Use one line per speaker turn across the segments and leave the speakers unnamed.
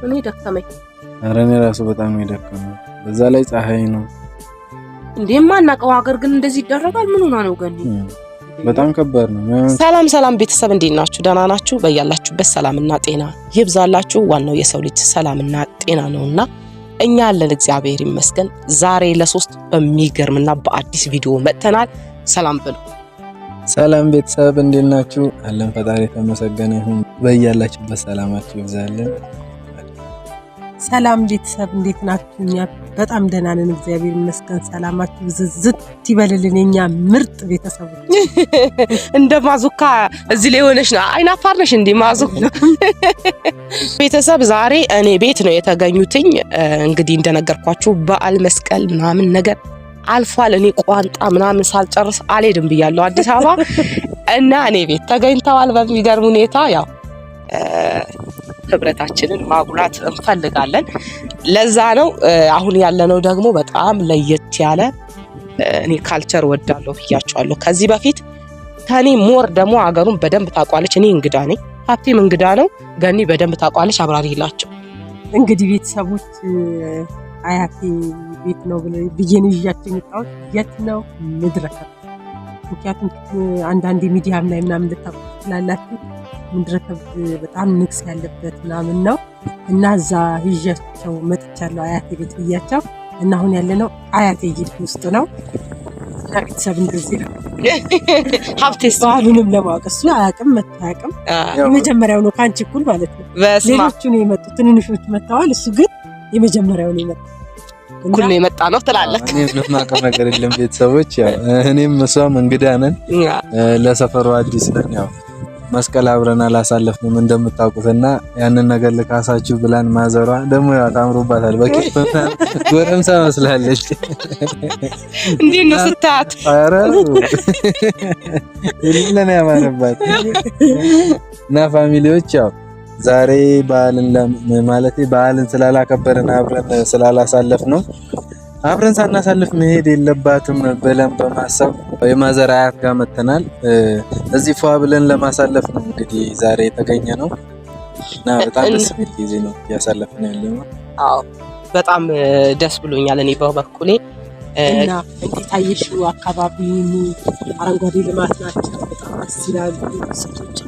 ምን ደከመኝ።
ኧረ እኔ ራሱ በጣም ነው በዛ ላይ ፀሐይ ነው
እንዴ ማናቀው ሀገር ግን እንደዚህ ይደረጋል? ምን ሆና ነው ገኒ?
በጣም ከባድ ነው።
ሰላም ሰላም ቤተሰብ እንዴት ናችሁ? ደህና ናችሁ? በያላችሁበት ሰላምና ጤና ይብዛላችሁ። ዋናው የሰው ልጅ ሰላምና ጤና ነውና እኛ ያለን እግዚአብሔር ይመስገን። ዛሬ ለሶስት በሚገርምና በአዲስ ቪዲዮ መጥተናል። ሰላም ብሉ።
ሰላም ቤተሰብ እንዴት ናችሁ? አለን ፈጣሪ የተመሰገነ ይሁን። በያላችሁበት ሰላማችሁ ይብዛልን።
ሰላም ቤተሰብ እንዴት ናችሁ? እኛ በጣም ደህና ነን፣ እግዚአብሔር ይመስገን። ሰላማችሁ ብዝዝት ይበልልን የኛ ምርጥ ቤተሰብ እንደ ማዙካ እዚህ ላይ ሆነሽ ነው። አይናፋር ነሽ እንዴ ማዙ? ቤተሰብ ዛሬ እኔ ቤት ነው የተገኙትኝ። እንግዲህ እንደነገርኳችሁ በዓል መስቀል ምናምን ነገር አልፏል። እኔ ቋንጣ ምናምን ሳልጨርስ አልሄድም ብያለሁ አዲስ አበባ እና እኔ ቤት ተገኝተዋል በሚገርም ሁኔታ ያው ህብረታችንን ማጉላት እንፈልጋለን። ለዛ ነው አሁን ያለነው ደግሞ በጣም ለየት ያለ እኔ ካልቸር ወዳለሁ ብያቸዋለሁ። ከዚህ በፊት ከኔ ሞር ደግሞ ሀገሩን በደንብ ታውቋለች። እኔ እንግዳ ነኝ፣ ሀብቴም እንግዳ ነው። ገኒ በደንብ ታውቋለች። አብራሪ ላቸው እንግዲህ ቤተሰቦች አያቴ ቤት ነው ብዬ ነው ይዣቸው የመጣሁት። የት ነው ምድረከ ምክንያቱም አንዳንድ ሚዲያ ምናምን ልታውቁ ትችላላችሁ ምድረከብ በጣም ንግስ ያለበት ምናምን ነው እና እዛ ይዣቸው መጥቻለሁ አያቴ ቤት ብያቸው እና አሁን ያለነው አያቴ ግቢ ውስጥ ነው እና ቤተሰብ እንደዚህ ነው። ሀብቴስ ባህሉንም ለማወቅ እሱ አያውቅም መጥቶ አያውቅም። የመጀመሪያው ነው ከአንቺ እኩል ማለት ነው። ሌሎቹ ነው የመጡ ትንንሾች መጥተዋል። እሱ ግን የመጀመሪያው ነው የመጡ ሁሉ የመጣ ነው ትላለህ።
የምናውቀው ነገር የለም ቤተሰቦች። ያው እኔም እሷም እንግዳ ነን፣ ለሰፈሩ አዲስ ነን ያው መስቀል አብረን አላሳለፍንም እንደምታውቁትና ያንን ነገር ልካሳችሁ ብላን ማዘሯ ደግሞ ያታምሩባታል። ታምሮባታል። በቂት ጎረምሳ መስላለች።
እንዴት ነው ስታት?
ኧረ የሌለን ያማረባት እና ፋሚሊዎች ያው ዛሬ በዓልን ማለቴ በዓልን ስላላከበርን አብረን ስላላሳለፍ ነው አብረን ሳናሳልፍ መሄድ የለባትም ብለን በማሰብ የማዘር አያት ጋር መተናል። እዚህ ፏ ብለን ለማሳለፍ ነው እንግዲህ ዛሬ የተገኘ ነው እና በጣም ደስ የሚል ጊዜ ነው እያሳለፍን ያለ ነው።
አዎ በጣም ደስ ብሎኛል። እኔ በበኩሌ እና እንዴት አየሽው? አካባቢ አረንጓዴ ልማት ናቸው፣ በጣም ደስ ይላሉ። ሴቶች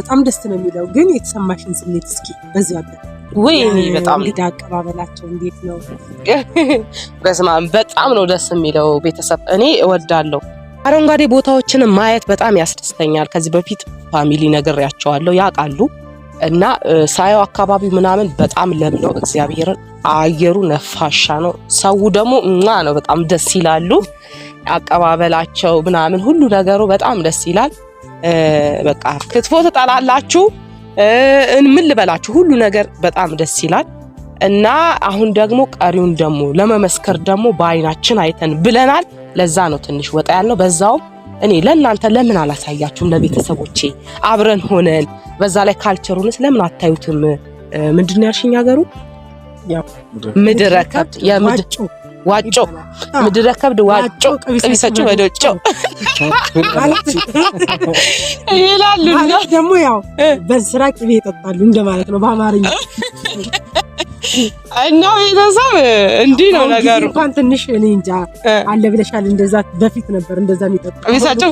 በጣም ደስ ነው የሚለው ግን የተሰማሽን ስሜት እስኪ በዚህ አለ ወይኔ በጣም አቀባበላቸው እንዴት ነው? በስመ አብ በጣም ነው ደስ የሚለው። ቤተሰብ እኔ እወዳለሁ። አረንጓዴ ቦታዎችን ማየት በጣም ያስደስተኛል። ከዚህ በፊት ፋሚሊ ነግሬያቸዋለሁ ያውቃሉ። እና ሳየው አካባቢ ምናምን በጣም ለም ነው። እግዚአብሔርን አየሩ ነፋሻ ነው። ሰው ደግሞ እና ነው በጣም ደስ ይላሉ። አቀባበላቸው ምናምን ሁሉ ነገሩ በጣም ደስ ይላል። በቃ ክትፎ ትጠላላችሁ ምን ልበላችሁ ሁሉ ነገር በጣም ደስ ይላል። እና አሁን ደግሞ ቀሪውን ደግሞ ለመመስከር ደግሞ በአይናችን አይተን ብለናል። ለዛ ነው ትንሽ ወጣ ያለው። በዛውም እኔ ለእናንተ ለምን አላሳያችሁም? ለቤተሰቦቼ አብረን ሆነን በዛ ላይ ካልቸሩንስ ለምን አታዩትም? ምንድን ነው ያልሽኝ? ሀገሩ ምድረ ከብት ዋጮ ምድረ ከብድ ዋጮ ቅቢሰጩ በዶጮ ይላሉ። ደግሞ ያው በስራ ቅቤ ይጠጣሉ እንደማለት ነው በአማርኛ እና ቤተሰብ እንዲህ ነው ነገሩ። እንኳን ትንሽ እኔ እንጃ አለ ብለሻል። እንደዛ በፊት ነበር እንደዛ የሚጠጣ ቀቢሳጩ።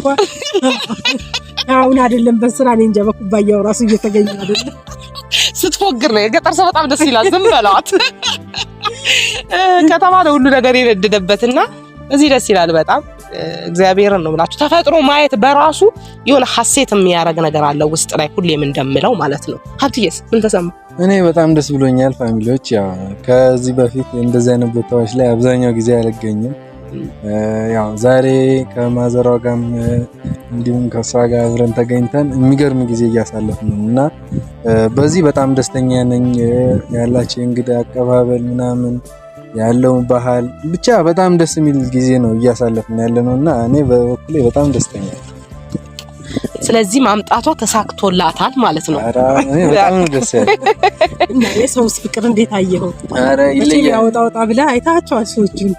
አሁን አይደለም በስራ እኔ እንጃ በኩባያው ራሱ እየተገኘ አይደለም። ስትፎግር ነው የገጠር ሰው በጣም ደስ ይላል። ዝም በለዋት ከተማ ሁሉ ነገር የነደደበትና እዚህ ደስ ይላል በጣም እግዚአብሔርን ነው ብላችሁ ተፈጥሮ ማየት በራሱ የሆነ ሀሴት የሚያደርግ ነገር አለ ውስጥ ላይ ሁሌም እንደምለው ማለት ነው። ሀብትዬስ ምን ተሰማ?
እኔ በጣም ደስ ብሎኛል። ፋሚሊዎች ያው ከዚህ በፊት እንደዚህ አይነት ቦታዎች ላይ አብዛኛው ጊዜ አልገኝም። ያው ዛሬ ከማዘሯ ጋርም እንዲሁም ከእሷ ጋር አብረን ተገኝተን የሚገርም ጊዜ ነው እና በዚህ በጣም ደስተኛ ነኝ። ያላቸው እንግዳ አቀባበል ምናምን ያለው ባህል ብቻ በጣም ደስ የሚል ጊዜ ነው እያሳለፍን ያለ ነው እና እኔ በበኩሌ በጣም ደስተኛ
ስለዚህ ማምጣቷ ተሳክቶላታል ማለት ነው። የሰውስ ፍቅር እንዴት አየኸው? ያወጣ ወጣ ብላ አይታቸዋል ሰዎችን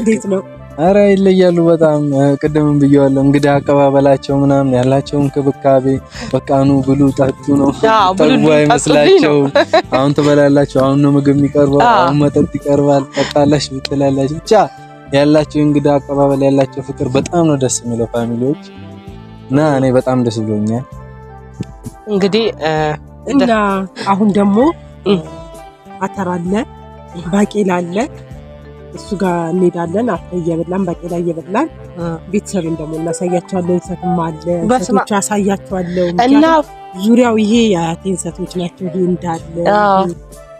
እንዴት ነው?
አረ ይለያሉ በጣም ቅድምም ብየዋለሁ። እንግዲህ አቀባበላቸው ምናምን ያላቸው እንክብካቤ በቃኑ ብሉ ጠጡ ነው። ጠቡ አይመስላቸው። አሁን ትበላላችሁ፣ አሁን ነው ምግብ የሚቀርበው፣ አሁን መጠጥ ይቀርባል፣ ጠጣላሽ ብትላላችሁ ብቻ ያላቸው እንግዲህ አቀባበል ያላቸው ፍቅር በጣም ነው ደስ የሚለው ፋሚሊዎች እና እኔ በጣም ደስ ብሎኛል።
እንግዲህ እና አሁን ደግሞ አተር አለ፣ ባቄላ አለ። እሱ ጋር እንሄዳለን። አተር እየበላን ባቄላ እየበላን ቤተሰብን ደግሞ እናሳያቸዋለን። እንሰትም አለ፣ እንሰቶች አሳያቸዋለሁ እና ዙሪያው ይሄ የአያቴ እንሰቶች ናቸው። ይሄ እንዳለ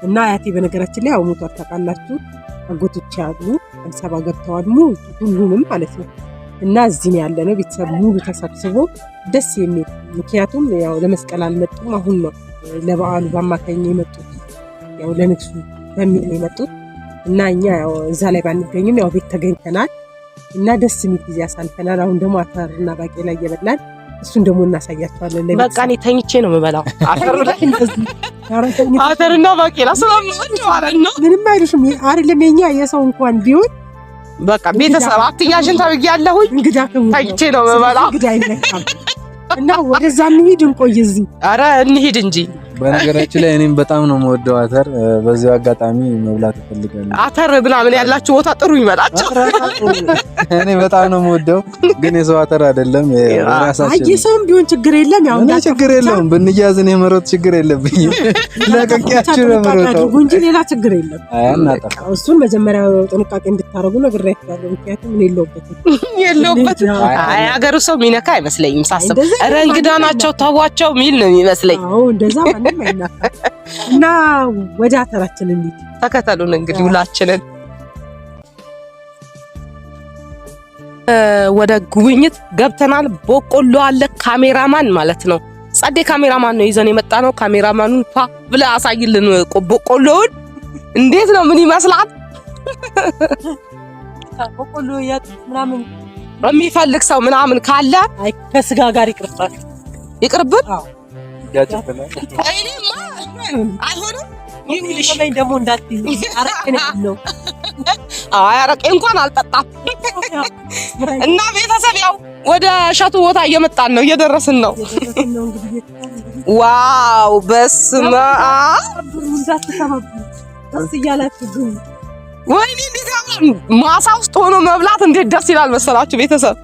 እና አያቴ በነገራችን ላይ አሁን ሞቷል ታውቃላችሁ። አጎቶች ያሉ አዲስ አበባ ገብተዋል። ሁሉንም ማለት ነው እና እዚህ ያለ ነው ቤተሰብ ሙሉ ተሰብስቦ ደስ የሚል ምክንያቱም ያው ለመስቀል አልመጡም። አሁን ነው ለበዓሉ በአማካኝ የመጡት ያው ለንግሱ በሚል ነው የመጡት እና እኛ ያው እዛ ላይ ባንገኝም ያው ቤት ተገኝተናል እና ደስ የሚል ጊዜ አሳልፈናል። አሁን ደግሞ አተር እና ባቄላ እየበላን እሱን ደግሞ እናሳያቸዋለን። በቃ እኔ ተኝቼ ነው የምበላው አተርና ባቄላ ምንም አይሉሽም አይደለም የኛ የሰው እንኳን ቢሆን በቃ ቤተሰብ አትያዥን እንግዳ ታይቼ ነው በበላ እና ወደዛ እንሂድ፣ እንቆይ እዚህ። ኧረ እንሂድ እንጂ
በነገራችን ላይ እኔም በጣም ነው የምወደው አተር። በዚህ አጋጣሚ መብላት
እፈልጋለሁ። አተር ብላ ምን ያላችሁ ቦታ ጥሩ ይመጣችሁ።
እኔ በጣም ነው የምወደው፣ ግን የሰው አተር አይደለም
የራሳችን። አይ ሰውም ቢሆን ችግር የለም ያው እና ችግር የለውም ብንያዝ፣ እኔ መሮጥ ችግር የለብኝም። ለቀቂያችሁ ነው መሮጠው እንጂ ሌላ ችግር የለም። አይ እናጣ እሱን መጀመሪያ ጥንቃቄ እንድታረጉ ነግሬያችኋለሁ። ምክንያቱም እኔ የለሁበትም የለሁበትም። አይ አገሩ ሰው ሚነካ አይመስለኝም ሳስብ። ኧረ እንግዳ ናቸው ተዋቸው ሚል ነው የሚመስለኝ። አዎ እንደዛ ማለት እና ወደ አተራችን እንሂድ። ተከተሉን እንግዲህ ሁላችንን ወደ ጉብኝት ገብተናል። በቆሎ አለ። ካሜራማን ማለት ነው ጸዴ ካሜራማን ነው ይዘን የመጣ ነው። ካሜራማኑን ፋ ብለህ አሳይልን በቆሎውን እንዴት ነው? ምን ይመስላል? በቆሎ ምናምን የሚፈልግ ሰው ምናምን ካለ ከስጋ ጋር ይቅርባል፣ ይቅርብን አረቄ እንኳን አልጠጣም። እና ቤተሰብ ያው ወደ ሸቱ ቦታ እየመጣን ነው፣ እየደረስን ነው። ዋው በስመ አብ ማሳ ውስጥ ሆኖ መብላት እንዴት ደስ ይላል መሰላችሁ ቤተሰብ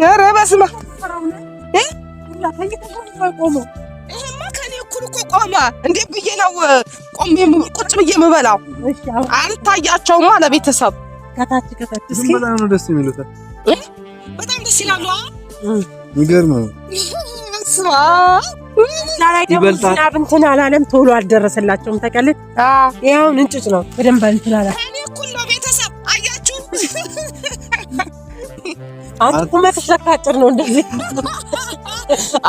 ኧረ በስመ አብ ይሄማ እኩል እኮ ቆመ። እንዴት ብዬ ነው ቆሜ ቁጭ ብዬ የምበላው? አልታያቸውማ ለቤተሰብ ከታች
ከታች በጣም ነው ደስ የሚሉት።
በጣም ደስ ይላሉ። እንትን አላለም ቶሎ አልደረሰላቸውም። ተቀልድ ይሄ እንጭጭ ነው በደንብ እንትን አላለም አንተ ቁመትሽ ለካ ነው እንደዚህ።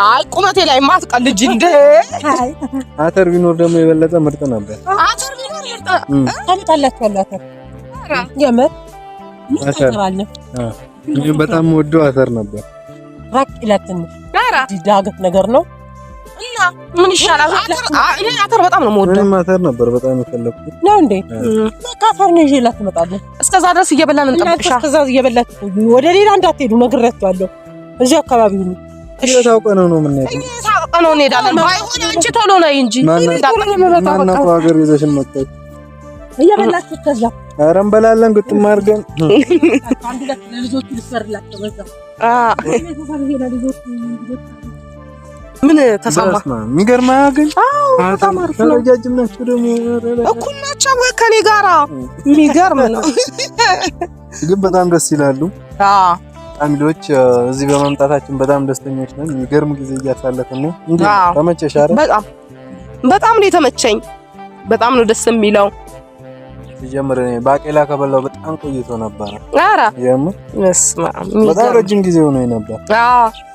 አይ ቁመቴ ላይ ማትቀልጅ እንደ
አተር ቢኖር ደግሞ የበለጠ ምርጥ ነበር።
አተር ቢኖር ይርጣ ታመጣላችኋለሁ። አተር የምር
በጣም ወዶ አተር ነበር።
ራቅ ይላል ትንሽ ዳገት ነገር ነው እና ምን ይሻላል? አተር በጣም ነው የምወደው። አተር ነበር በጣም የፈለኩት ነው እንዴ። አተር ነው ይዤላት እመጣለሁ። እስከዛ ድረስ እየበላን እንጠብቅሻ። እስከዛ እየበላት ወደ ሌላ እንዳትሄዱ ነግሬያቸዋለሁ። እዚህ አካባቢ ነው
ታውቀ ነው ነው ምን
እንሄዳለን። ባይሆን አንቺ ቶሎ ነይ
እንጂ ማናቱ ሀገር ይዘሽን መጣች
እየበላችሁ ከዛ
ኧረ እንበላለን ግጥም አድርገን
አንድ ለልጆቹ ልትሰርላቸው በዛ ምን ተሰማ?
የሚገርም አያገኝ።
በጣም አሪፍ ነው። ረጃጅም ናቸው ደግሞ እኩል ናቸው ከኔ ጋራ። የሚገርም ነው
ግን በጣም ደስ ይላሉ። ፋሚሊዎች እዚህ በመምጣታችን በጣም ደስተኞች ነን። የሚገርም ጊዜ እያሳለፍን ነው። እንዴ ተመቸሽ?
በጣም በጣም ነው የተመቸኝ። በጣም ነው ደስ የሚለው።
ሲጀምር እኔ ባቄላ ከበላው በጣም ቆይቶ ነበረ።
ኧረ በጣም ረጅም ጊዜ ሆኖ ነበር።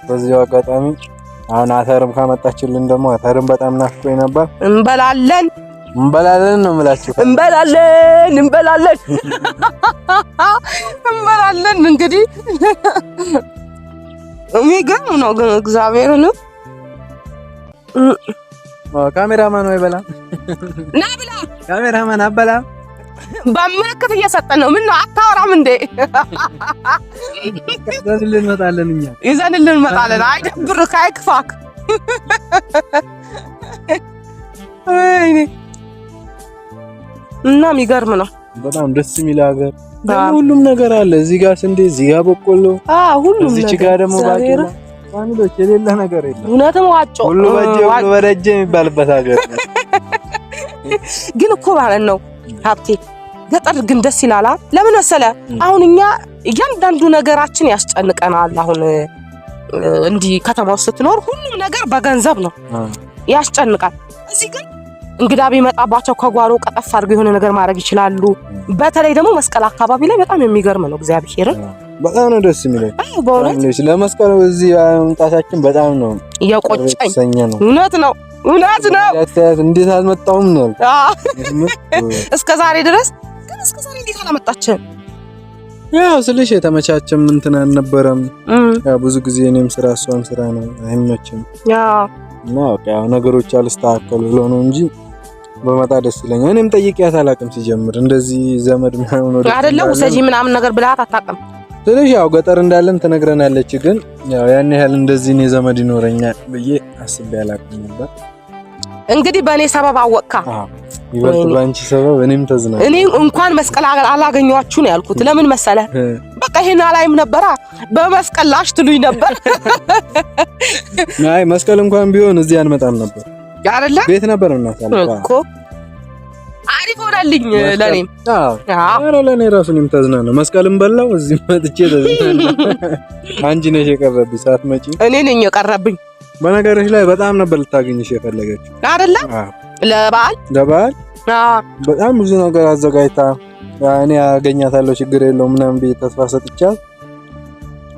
በዚህ አጋጣሚ አሁን አተርም ካመጣችልን ደግሞ አተርም በጣም ናፍቆኝ ነበር።
እንበላለን
እንበላለን ነው የምላችሁ።
እንበላለን እንበላለን እንበላለን። እንግዲህ የሚገርም ነው ግን እግዚአብሔርን
ካሜራማን ወይ በላ ና ብላ ካሜራማን አበላ
በምልክት እየሰጠን ነው። ምነው አታወራም እንዴ?
ይዘንልን እንመጣለን እኛ
ይዘንልን እንመጣለን። አይደብርህ፣ አይክፋክ። ወይኔ እና የሚገርም ነው።
በጣም ደስ የሚል ሀገር ሁሉም ነገር አለ። እዚህ ጋር ስንዴ፣ እዚህ ጋር በቆሎ፣ አዎ ሁሉም ነገር። ጋር ደግሞ ባቄላ፣ ፋሚሊዎች የሌለ ነገር የለም።
እውነትም ዋጮ
ሁሉ በእጄ ሁሉ በደጄ የሚባልበት ሀገር
ግን እኮ ማለት ነው ሀብቴ ገጠር ግን ደስ ይላል። ለምን መሰለ አሁን እኛ እያንዳንዱ ነገራችን ያስጨንቀናል። አሁን እንዲህ ከተማ ውስጥ ስትኖር ሁሉም ነገር በገንዘብ ነው ያስጨንቃል። እዚህ ግን እንግዳ ቢመጣባቸው ከጓሮ ቀጠፍ አድርገው የሆነ ነገር ማድረግ ይችላሉ። በተለይ ደግሞ መስቀል አካባቢ ላይ በጣም የሚገርም ነው። እግዚአብሔርን
በጣም ነው ደስ የሚለው በእውነት ለመስቀል እዚህ መምጣታችን በጣም ነው
እየቆጨኝ። እውነት ነው እውነት ነው።
እንዴት አልመጣሁም ነው
እስከ ዛሬ ድረስ ግን እስከ ዛሬ እንዴት አላመጣችም?
ያው ስልሽ የተመቻቸም እንትን አልነበረም። ያው ብዙ ጊዜ እኔም ስራ እሷም ስራ ነው፣ አይመችም። ያው እና ያው ነገሮች አልስተካከሉ ብሎ እንጂ በመጣ ደስ ይለኛል። እኔም ጠይቄያት አላውቅም። ሲጀምር እንደዚህ ዘመድ ምናምን
ወደ አይደለም ውሰጂ ምናምን ነገር ብላት
አታውቅም። ስልሽ ያው ገጠር እንዳለም ትነግረናለች። ግን ያው ያን ያህል እንደዚህ እኔ ዘመድ ይኖረኛል ብዬ አስቤ አላውቅም ነበር።
እንግዲህ በእኔ ሰበብ አወቅካ።
ይበልጥ በአንቺ ሰበብ እኔም
ተዝናለሁ። እኔ እንኳን መስቀል አላገኘኋችሁ ነው ያልኩት። ለምን መሰለ በቃ ይሄን አላይም ነበራ። በመስቀል ላሽ ትሉኝ ነበር።
አይ መስቀል እንኳን ቢሆን እዚህ አንመጣም ነበር አይደለ? ቤት ነበር እኮ
አሪፍ ሆናልኝ። ለኔም አዎ፣
ለኔ ራሱ እኔም ተዝናለሁ። መስቀልም በላው እዚህ መጥቼ ተዝናለሁ። አንቺ ነሽ የቀረብኝ፣ ሳትመጪ
እኔ ነኝ የቀረብኝ።
በነገሮች ላይ በጣም ነበር ልታገኝሽ የፈለገችው
አይደለ? ለበዓል
ለበዓል በጣም ብዙ ነገር አዘጋጅታ እኔ ያገኛታለሁ ችግር የለውም ምናምን ብዬ ተስፋ ሰጥቻት፣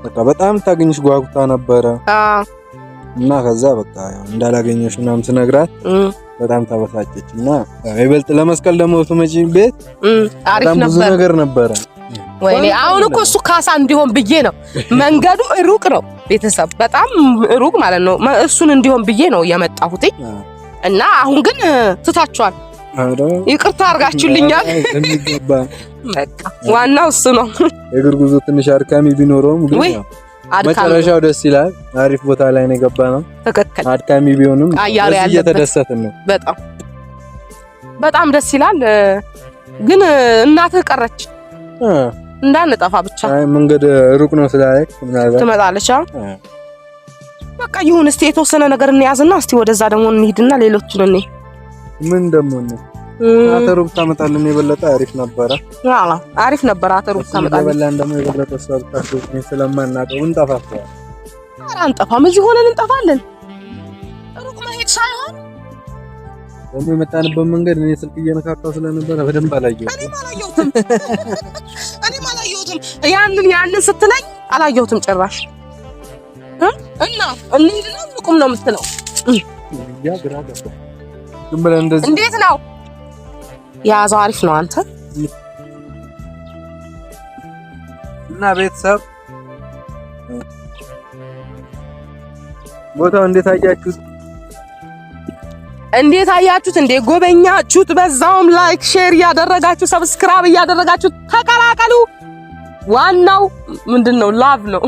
በቃ በጣም ልታገኝሽ ጓጉታ ነበረ እና ከዛ በቃ እንዳላገኘሽ ምናምን ስነግራት በጣም ተበሳጨች እና ይበልጥ ለመስቀል ደግሞ ብትመጪ ቤት በጣም ብዙ ነገር ነበረ።
ወይኔ አሁን እኮ እሱ ካሳ እንዲሆን ብዬ ነው። መንገዱ ሩቅ ነው ቤተሰብ በጣም ሩቅ ማለት ነው። እሱን እንዲሆን ብዬ ነው የመጣሁት እና አሁን ግን ትታችኋል። ይቅርታ አድርጋችሁልኛል። ዋናው እሱ ነው።
የእግር ጉዞ ትንሽ አድካሚ ቢኖረውም ግን መጨረሻው ደስ ይላል። አሪፍ ቦታ ላይ ነው የገባ ነው። ትክክል። አድካሚ ቢሆንም እየተደሰትን ነው።
በጣም በጣም ደስ ይላል። ግን እናትህ ቀረች። እንዳንጠፋ ብቻ።
አይ መንገድ ሩቅ ነው ስላለች
ትመጣለች። በቃ ይሁን፣ እስቲ የተወሰነ ነገር እንያዝና እስቲ ወደዛ ደግሞ እንሂድና ሌሎችን እኔ
ምን ደግሞ ነው አተሩ ብታመጣልን የበለጠ አሪፍ ነበረ።
አዎ አሪፍ ነበረ አተሩ
ብታመጣልን የበላን ደግሞ የበለጠ ስለማናውቀው እንጠፋፋለን።
ኧረ አንጠፋም፣ እዚህ ሆነን እንጠፋለን። ሩቅ መሄድ ሳይሆን
ደግሞ የመጣንበት መንገድ እኔ ስልክ እየነካካው ስለነበረ በደንብ
አላየሁትም። ያንን ያንን ስትለኝ አላየሁትም ጭራሽ። እና እንሂድ ነው ቁም ነው የምትለው? እንዴት ነው የያዘው? አሪፍ ነው አንተ
እና ቤተሰብ ቦታው እንዴት አያችሁት?
እንዴት አያችሁት? እንዴት ጎበኛችሁት? በዛውም ላይክ ሼር እያደረጋችሁ ሰብስክራይብ እያደረጋችሁ ተቀላቀሉ። ዋናው ምንድን ነው? ላቭ ነው።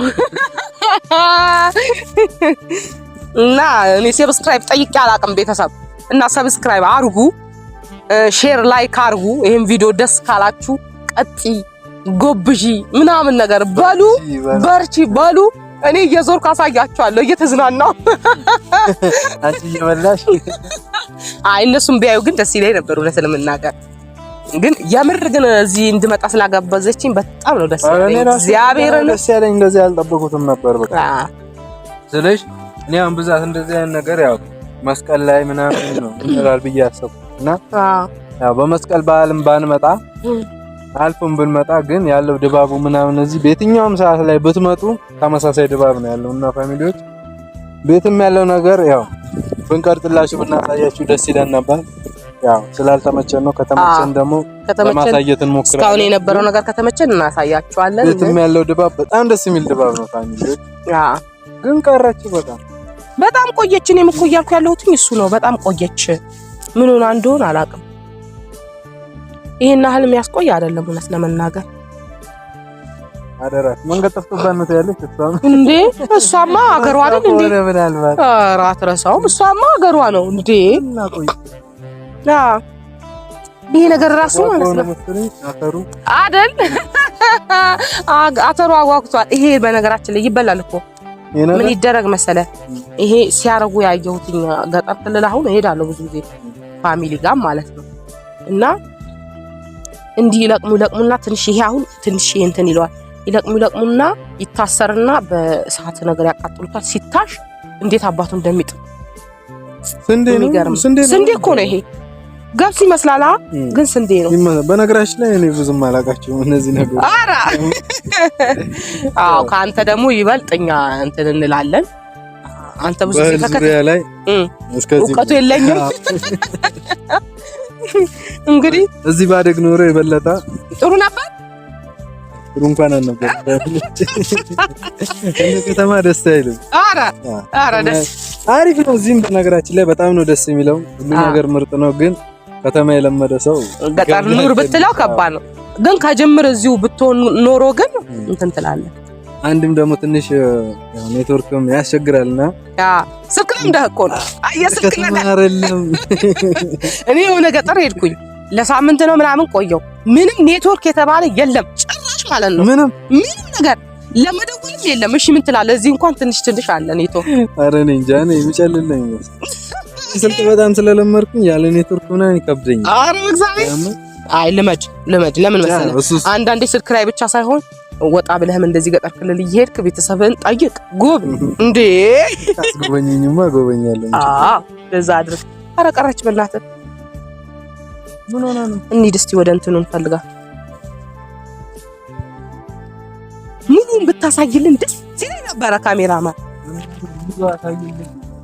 እና እኔ ሰብስክራይብ ጠይቄ አላቅም ቤተሰብ እና ሰብስክራይብ አርጉ፣ ሼር ላይክ አርጉ። ይሄን ቪዲዮ ደስ ካላችሁ ቀጥ ጎብዢ ምናምን ነገር በሉ፣ በርቺ በሉ። እኔ እየዞርኩ አሳያችኋለሁ እየተዝናናው።
አንቺ እየበላሽ
አይ፣ እነሱም ቢያዩ ግን ደስ ይለኝ ነበር እውነት ለመናገር። ግን የምር ግን እዚህ እንድመጣ ስላጋበዘችኝ በጣም ነው ደስ ያለኝ።
እግዚአብሔርን ደስ ያለኝ እንደዚህ ያልጠበቁትም ነበር። በቃ ስለሽ እኔ አሁን ብዛት እንደዚህ አይነት ነገር ያው መስቀል ላይ ምናምን ነው እንላል ብዬ አሰብኩና ያው በመስቀል በዓልም ባንመጣ አልፎም ብንመጣ ግን ያለው ድባቡ ምናምን እዚህ በየትኛውም ሰዓት ላይ ብትመጡ ተመሳሳይ ድባብ ነው ያለው እና ፋሚሊዎች ቤትም ያለው ነገር ያው ብንቀርጥላችሁ ብናሳያችሁ ደስ ይለን ነበር። ያው ስላልተመቸን ነው። ከተመቸን ደግሞ ለማሳየት እንሞክራለን።
እስካሁን የነበረው ነገር ከተመቸን እናሳያቸዋለን።
ቤትም ያለው ድባብ በጣም ደስ የሚል ድባብ ነው። ፋሚሊ ግን ቀረች፣ በጣም
በጣም ቆየች። እኔም እኮ እያልኩ ያለሁት እሱ ነው። በጣም ቆየች። ምን ሆና እንደሆነ አላውቅም። ይሄን ያህል የሚያስቆይ አይደለም እውነት ለመናገር
አደራት መንገድ ጠፍቶባት ነው ያለች።
እሷም እንዴ እሷማ አገሯ አይደል እንዴ? ኧረ አትረሳውም። እሷማ አገሯ ነው እንዴ? ይሄ ነገር ራሱ ማለት አይደል? አተሩ አጓጉቷል። ይሄ በነገራችን ላይ ይበላል እኮ ምን ይደረግ መሰለ፣ ይሄ ሲያረጉ ያየሁት ገጠር ክልል አሁን እሄዳለሁ ብዙ ጊዜ ፋሚሊ ጋር ማለት ነው። እና እንዲህ ይለቅሙ ይለቅሙና ትንሽ ይሄ አሁን ትንሽ ይሄ እንትን ይለዋል። ይለቅሙ ይለቅሙና ይታሰርና በእሳት ነገር ያቃጥሉታል። ሲታሽ እንዴት አባቱ እንደሚጥም ስንዴ እኮ ነው ይሄ ገብስ ይመስላል ግን ስንዴ ነው።
በነገራችን ላይ እኔ ብዙም አላውቃቸውም እነዚህ ነገሮች።
ኧረ አዎ፣ ከአንተ ደግሞ ይበልጥ እኛ እንትን እንላለን። አንተ ብዙ ላይ እውቀቱ የለኝም። እንግዲህ
እዚህ ባደግ ኖሮ የበለጠ ጥሩ ነበር። ጥሩ እንኳን አልነበር። ከተማ ደስ አይልም።
ኧረ ኧረ ደስ
አሪፍ ነው። እዚህም በነገራችን ላይ በጣም ነው ደስ የሚለው። ሁሉ ነገር ምርጥ ነው ግን ከተማ የለመደ ሰው
ገጠር ኑር ብትለው ከባድ ነው። ግን ከጅምር እዚሁ ብትሆን ኖሮ ግን እንትን ትላለህ።
አንድም ደግሞ ትንሽ ኔትወርክም ያስቸግራልና
ስልክ ነው እንደህ እኮ ነው። የስልክ ነገር እኔ የሆነ ገጠር ሄድኩኝ ለሳምንት ነው ምናምን ቆየው። ምንም ኔትወርክ የተባለ የለም ጭራሽ ማለት ነው። ምንም ምንም ነገር ለመደወልም የለም። እሺ ምን ትላለህ? እዚህ እንኳን ትንሽ ትንሽ አለ ኔትወርክ።
ኧረ እኔ እንጃ እኔ የሚጨልለኝ ስልክ በጣም ስለለመድኩኝ ያለ ኔትወርክ ምናምን ይከብደኛል።
ኧረ እግዚአብሔር አይ ልመድ ልመድ። ለምን መሰለህ አንዳንዴ ስልክ ላይ ብቻ ሳይሆን ወጣ ብለህም እንደዚህ ገጠር ክልል እየሄድክ ቤተሰብህን ጠይቅ፣ ጎብ እንዴ
አስጎበኘኝማ ጎበኛለሁ።
አዎ ለዛ አድርግ። ኧረ ቀረች በእናትህ ምን ሆና ነው? እንሂድ እስኪ ወደ እንትኑ እንፈልጋ ሙሉን ብታሳይልን ደስ ሲል ነበረ ካሜራማን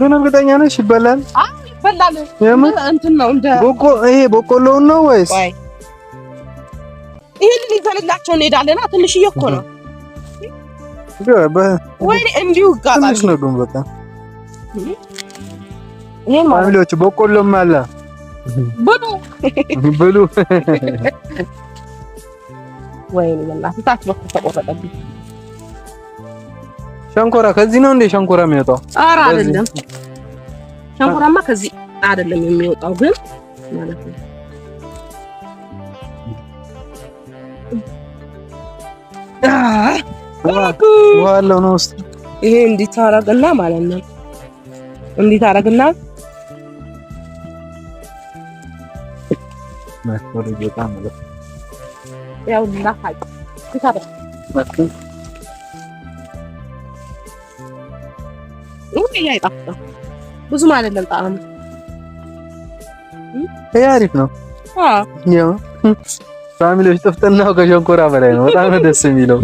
ግን እርግጠኛ ነሽ ይበላል?
አዎ ይበላል። የምን እንትን ነው እንደ
ቦቆ ይሄ ቦቆሎውን ነው ወይስ
ይሄንን ይዘንላቸው እንሄዳለና ትንሽዬ እኮ ነው። ነው
ፋሚሊዎች በቆሎም አለ ብሉ ብሉ። ወይኔ ታች በኩል ተቆረጠብኝ። ሸንኮራ ከዚህ ነው እንዴ? ሸንኮራ የሚወጣው? ኧረ አይደለም። ሸንኮራማ ከዚህ አይደለም የሚወጣው ግን ማለት ነው። ዋለው ነው ውስጥ ይሄ እንዲህ ታረግና ማለት ነው። እንዲህ ታረግና ያው ይሄ አይጣፍጥም ብዙም አይደለም ጣዕም ይሄ አሪፍ ነው። ያው ፋሚሊዎች ጥፍጥናው ከሸንኮራ በላይ ነው። በጣም ነው ደስ የሚለው።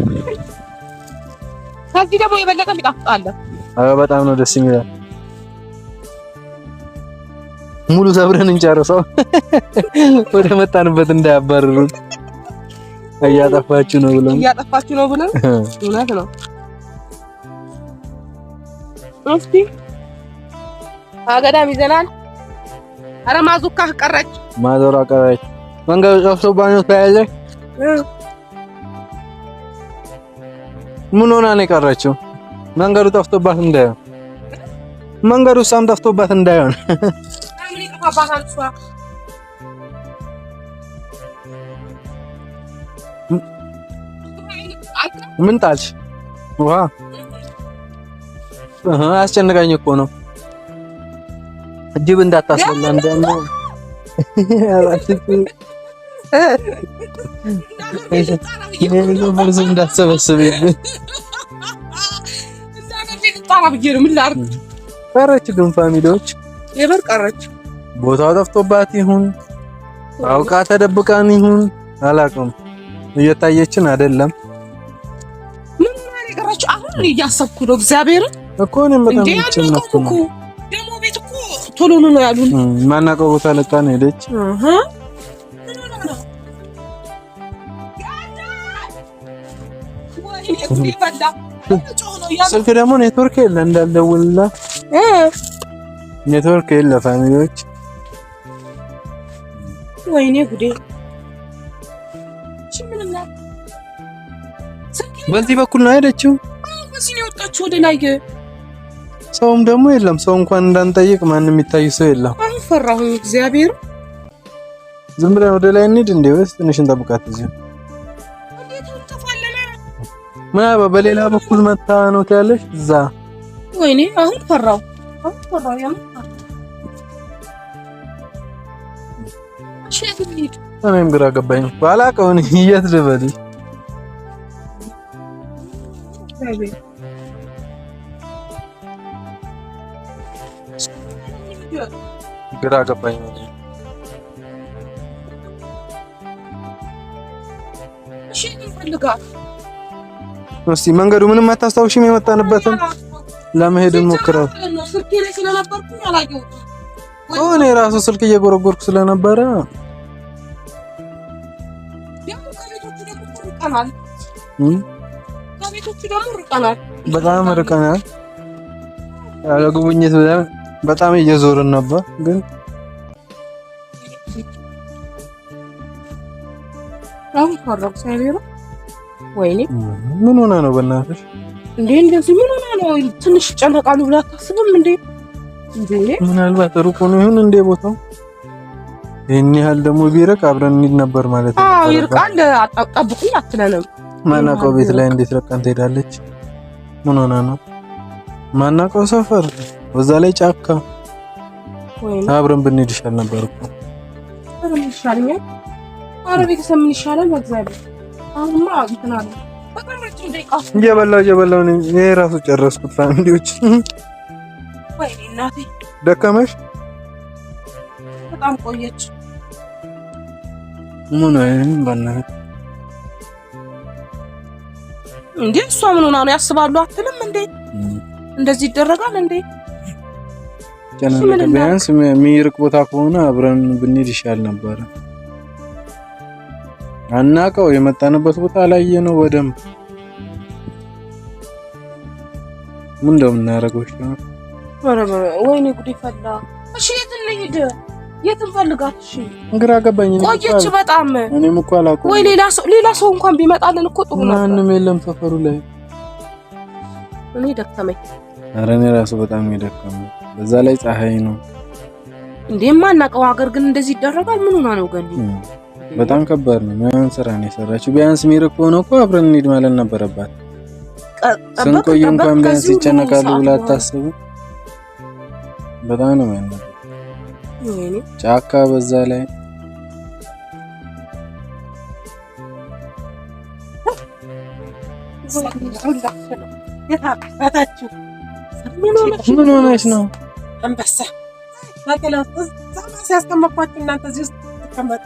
ከዚህ ደግሞ የበለጠ የሚጣፍጥ አዎ በጣም ነው ደስ የሚለው። ሙሉ ሰብረን እንጨርሰው። ወደ መጣንበት እንዳያባርሩን። እያጠፋችሁ ነው ብለን እያጠፋችሁ ነው ብለን እውነት ነው። እስቲ አገዳም ይዘናል። አረ ማዙካ ቀረች፣ ማዞሯ ቀረች። መንገዱ ጠፍቶባት ነው ተያዘች። ምን ሆና ነው የቀረችው? መንገዱ ጠፍቶባት እንዳይሆን መንገዱ ሳም ጠፍቶባት እንዳይሆን ምን ጣልሽ ውሃ አስጨንቀኝ እኮ ነው። ጅብ እንዳታስበላን ደግሞ ብዙ እንዳትሰበስብ ቀረች። ግን ፋሚሊዎች ቀረች። ቦታው ጠፍቶባት ይሁን አውቃ ተደብቃን ይሁን አላውቅም። እየታየችን አይደለም። ምን ማለት ቀረች? አሁን እያሰብኩ ነው እግዚአብሔርን እኮ ነው ደግሞ ቤት እኮ ቶሎ ነው ያሉን። ማናውቀው ቦታ ለቃ ነው ሄደች። ስልክ ደግሞ ኔትወርክ የለ እንዳልደውልላት ኔትወርክ የለ ፋሚሊዎች። ወይኔ ጉዴ! በዚህ በኩል ነው ሄደችው። ወደ ላይ ሰውም ደግሞ የለም። ሰው እንኳን እንዳንጠይቅ ማንም የሚታይ ሰው የለም። አንፈራሁ እግዚአብሔር። ዝም ብለን ወደ ላይ እንሂድ እንዴ? ወይስ ትንሽ እንጠብቃት? እዚህ ምናባ በሌላ በኩል መታ ነው ትያለሽ? እዛ ወይኔ፣ አሁን ፈራሁ። አሁን ፈራሁ። ያም እኔም ግራ ገባኝ። ባላቀውን የት ልበል ግራ ገባኝ። እስቲ መንገዱ ምንም አታስታውሽም? የመጣንበትን ለመሄድ እንሞክረው። እኔ ራሱ ስልክ እየጎረጎርኩ ስለነበረ በጣም ርቀናል። ያለ ጉብኝት በጣም እየዞርን ነበር ግን ወይኔ ምን ሆነ ነው? በእናትሽ እንዴ! እንደዚህ ምን ሆነ ነው? ትንሽ ይጨነቃሉ ብላ አታስብም እንዴ? ምናልባት ሩቅ ነው ይሁን እንዴ ቦታው? ይህን ያህል ደግሞ ቢርቅ አብረን እንሂድ ነበር ማለት ነው። አዎ ይርቃል። ጠብቁኝ አትለንም። ማናውቀው ቤት ላይ እንዴት ረቃን ትሄዳለች? ምን ሆነ ነው? ማናውቀው ሰፈር ነው በዛ ላይ ጫካ አብረን ብንሄድ ይሻል ነበር እኮ። አብረን ይሻልኛል። ኧረ ቤተሰብ ምን ይሻላል? በእግዚአብሔር እየበላሁ እየበላሁ ጨረስኩት። ፋሚሊዎች ደከመሽ፣ በጣም ቆየች። ምን እንዴ? እሷ ምን ሆና ነው ያስባሉ አትልም እንዴ? እንደዚህ ይደረጋል እንዴ? ቀን ቢያንስ የሚርቅ ቦታ ከሆነ አብረን ብንሄድ ይሻል ነበረ። አናቀው የመጣንበት ቦታ ላይ ነው በደንብ ምን እንደምናደርገው ይሻላል። ወይኔ ጉዴ ፈላ። እሺ የት እንሂድ? የት እንፈልጋት? እሺ ግራ ገባኝ። ቆየች በጣም እኔም እኮ አላውቅም። ወይ ሌላ ሰው ሌላ ሰው እንኳን ቢመጣልን እኮ ጥሩ ነው። ማንም የለም ሰፈሩ ላይ። እኔ ደከመኝ። ኧረ እኔ ራሱ በጣም የደከመኝ በዛ ላይ ፀሐይ ነው እንዴ የማናውቀው ሀገር ግን እንደዚህ ይደረጋል? ምን ሆና ነው ገኒ? በጣም ከባድ ነው። ምን ስራ ነው የሰራችው? ቢያንስ ሚርቅ ሆኖ እኮ አብረን እንሂድ ማለት ነበረባት። ስንቆይ እንኳን ቢያንስ ይጨነቃሉ ብላ አታስቡ። በጣም ነው ማለት ነው ጫካ፣ በዛ ላይ ምን ሆነች ነው አንበሳ ማከላት ዛማ ሲያስቀመጥኳችሁ እናንተ እዚህ ውስጥ ተቀመጡ።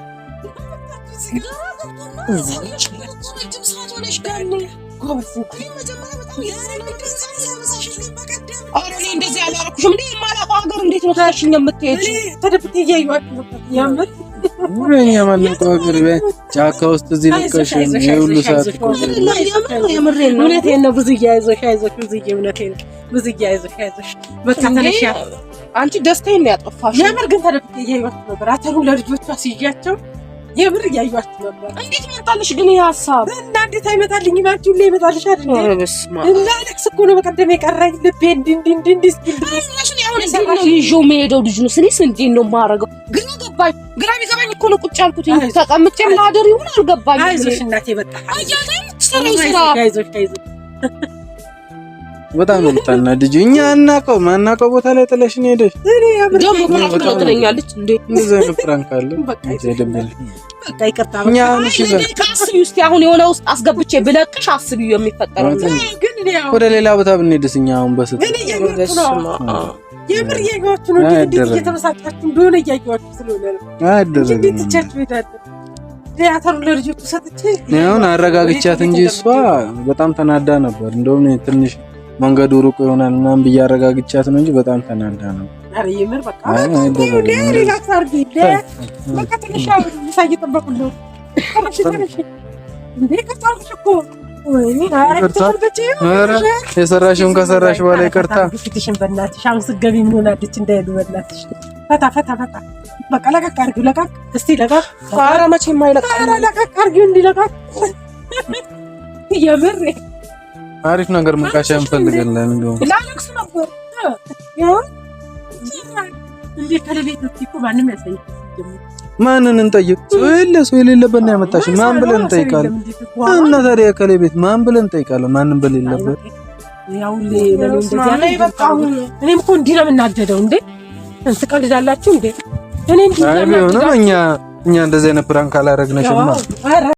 ጫካ ውስጥ እዚህ ልቀሽ ሰዓት እውነቴን ነው። አይዞሽ ነው አይዞሽ በቃ ተነሽ አንቺ ደስታዬን ነው ያጠፋሽ። የምር ግን ተደብቄ እያየኋችሁ ነበር። አተሩ ለልጆቿ ሲያቸው የምር እያየኋችሁ ነበር። እንዴት ይመጣልሽ ግን ይህ ሀሳብ እና እንዴት አይመጣልኝ? ማንቺ ሁሌ ይመጣልሽ አይደል? እንዳለቅስ እኮ ነው በቀደም የቀረኝ ልቤ ይዤው መሄደው ልጁ ነው ስኔስ እንዴት ነው የማደርገው? ግራ ገባኝ፣ ግራ ቢገባኝ እኮ ነው ቁጭ ያልኩት። ተቀምጬ ላደር ይሁን አልገባኝ። አይዞሽ እናቴ በጣም አይዞሽ፣ የምትሰራው በጣም ነው የምታናድጂው። እኛ አናውቀው ቦታ ላይ ጥለሽን ሄደሽ ደግሞ ትለኛለች። አሁን የሆነ ውስጥ አስገብቼ ብለቅሽ አስቢ የሚፈጠረው ወደ ሌላ ቦታ ብንሄድስ እኛ አሁን በስት የምር እያየኋችሁ ነው እየተመሳጫችሁ እንደሆነ እያየኋችሁ ስለሆነ ነው አሁን አረጋግቻት እንጂ እሷ በጣም ተናዳ ነበር እንደውም ትንሽ መንገዱ ሩቅ ይሆናል ምናምን ብዬ አረጋግቻት ነው እንጂ በጣም ተናዳ ነው። የሰራሽውን ከሰራሽ በኋላ ይቅርታ ፈታ አሪፍ ነገር መቃሻ እንፈልጋለን። እንደውም ላለቅስ ነበር። ማንን እንጠይቅ? ሰው ሰው የሌለበት ነው ያመጣሽ። ማን ብለን እንጠይቃለን? እና ታዲያ ከሌ ቤት ማን ብለን እንጠይቃለን? ማንም በሌለበት ያው እኔም እኮ እንዲህ ነው የምናደደው። እንዴ እንስቀልዳላችሁ እንዴ? እኔ እንዲህ ነው እኛ እኛ እንደዚህ አይነት ፕራንክ አላረግነሽማ።